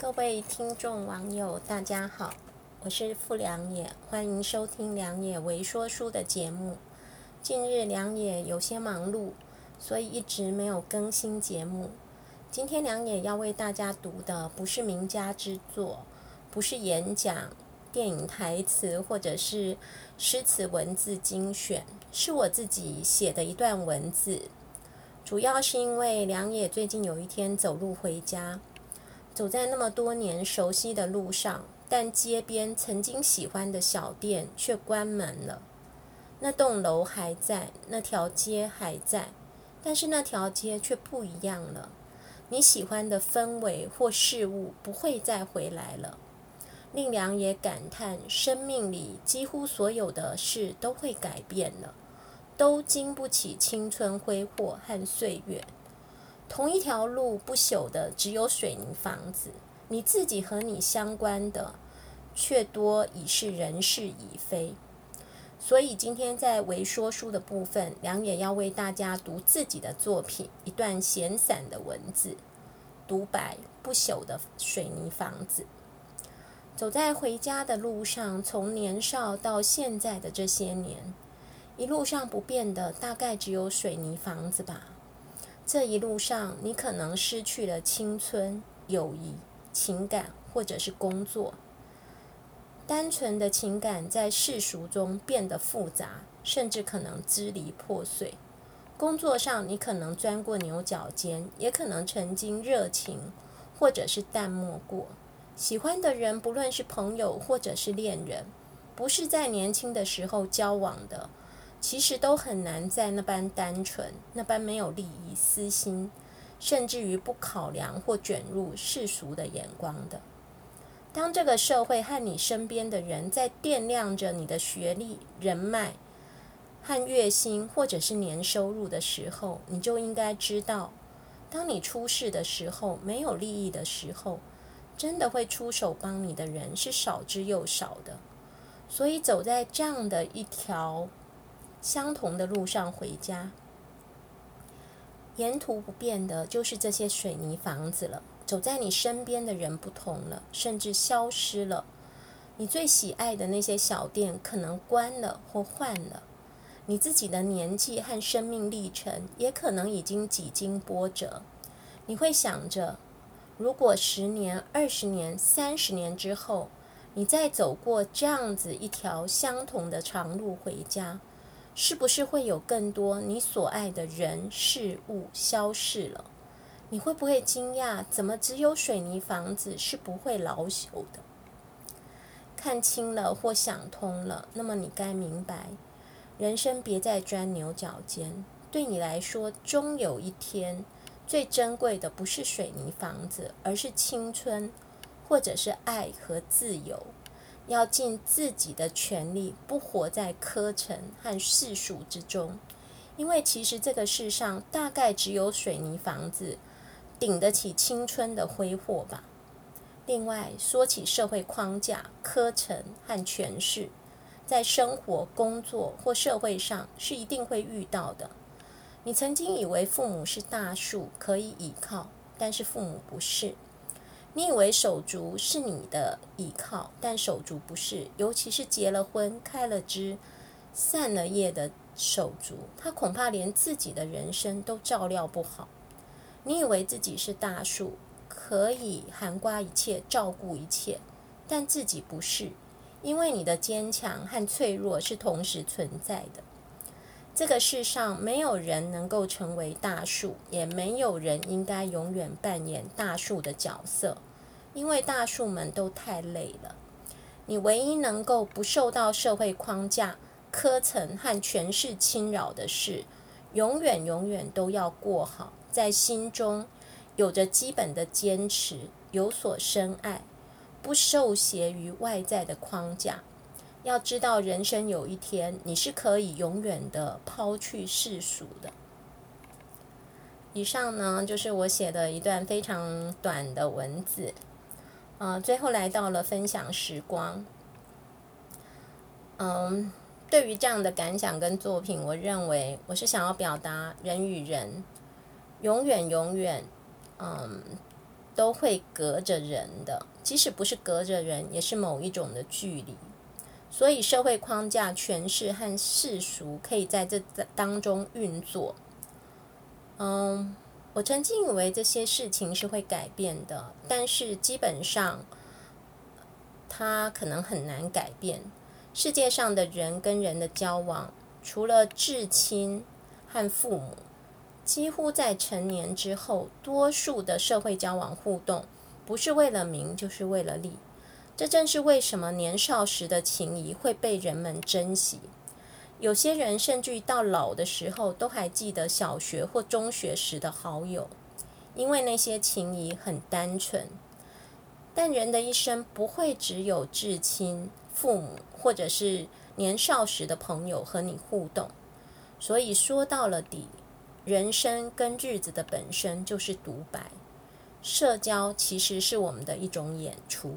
各位聽眾網友，大家好，我是傅良也，歡迎收聽良也微說書的節目。近日良也有些忙碌，所以一直沒有更新節目。今天良也要為大家讀的不是名家之作，不是演講、電影台詞，或者是詩詞文字精選，是我自己寫的一段文字。主要是因為良也最近有一天走路回家。走在那麼多年熟悉的路上，但街邊曾經喜歡的小店卻關門了。那棟樓還在，那條街還在，但是那條街卻不一樣了。你喜歡的氛圍或事物不會再回來了。令良也感嘆，生命裡幾乎所有的事都會改變了，都經不起青春揮霍和歲月。同一條路，不朽的只有水泥房子。你自己和你相關的，卻多已是人事已非。所以今天在微說書的部分，良也要為大家讀自己的作品，一段閒散的文字，獨白：不朽的水泥房子，走在回家的路上，從年少到現在的這些年，一路上不變的，大概只有水泥房子吧。這一路上，你可能失去了青春、友誼、情感，或者是工作。單純的情感在世俗中變得複雜，甚至可能支離破碎。工作上，你可能鑽過牛角尖，也可能曾經熱情，或者是淡漠過。喜歡的人，不論是朋友或者是戀人，不是在年輕的時候交往的。其實都很難在那般單純、那般沒有利益、私心，甚至於不考量或捲入世俗的眼光的。當這個社會和你身邊的人在掂量着你的學歷、人脈和月薪，或者是年收入的時候，你就應該知道，當你出事的時候，沒有利益的時候，真的會出手幫你的人是少之又少的。所以走在這樣的一條。相同的路上回家，沿途不變的就是這些水泥房子了。走在你身邊的人不同了，甚至消失了。你最喜愛的那些小店可能關了或換了。你自己的年紀和生命歷程也可能已經幾經波折。你會想着，如果十年、二十年、三十年之後，你再走過這樣子一條相同的長路回家。是不是會有更多你所愛的人事物消逝了？你會不會驚訝，怎麼只有水泥房子是不會老朽的？看清了或想通了，那麼你該明白，人生別再鑽牛角尖。對你來說，終有一天，最珍貴的不是水泥房子，而是青春，或者是愛和自由。要盡自己的全力，不活在科層和世俗之中，因為其實這個世上大概只有水泥房子頂得起青春的揮霍吧。另外，說起社會框架、科層和權勢，在生活、工作或社會上是一定會遇到的。你曾經以為父母是大樹可以倚靠，但是父母不是。你以為手足是你的依靠，但手足不是，尤其是結了婚、開了枝、散了葉的手足，他恐怕連自己的人生都照料不好。你以為自己是大樹，可以涵括一切、照顧一切，但自己不是，因為你的堅強和脆弱是同時存在的。這個世上沒有人能夠成為大樹，也沒有人應該永遠扮演大樹的角色，因為大樹們都太累了。你唯一能夠不受到社會框架、科層和權勢侵擾的是，永遠永遠都要過好，在心中有着基本的堅持，有所深愛，不受脅於外在的框架。要知道，人生有一天，你是可以永遠的拋去世俗的。以上呢，就是我寫的一段非常短的文字。呃，最後來到了分享時光。嗯，對於這樣的感想跟作品，我認為我是想要表達人與人永遠永遠，嗯，都會隔着人的，即使不是隔着人，也是某一種的距離。所以社會框架、權勢和世俗可以在這當中運作。嗯，我曾經以為這些事情是會改變的，但是基本上，它可能很難改變。世界上的人跟人的交往，除了至親和父母，幾乎在成年之後，多數的社會交往互動，不是為了名，就是為了利。這正是為什麼年少時的情誼會被人們珍惜。有些人甚至於到老的時候都還記得小學或中學時的好友，因為那些情誼很單純。但人的一生不會只有至親、父母，或者是年少時的朋友和你互動。所以說，到了底，人生跟日子的本身就是獨白。社交其實是我們的一種演出。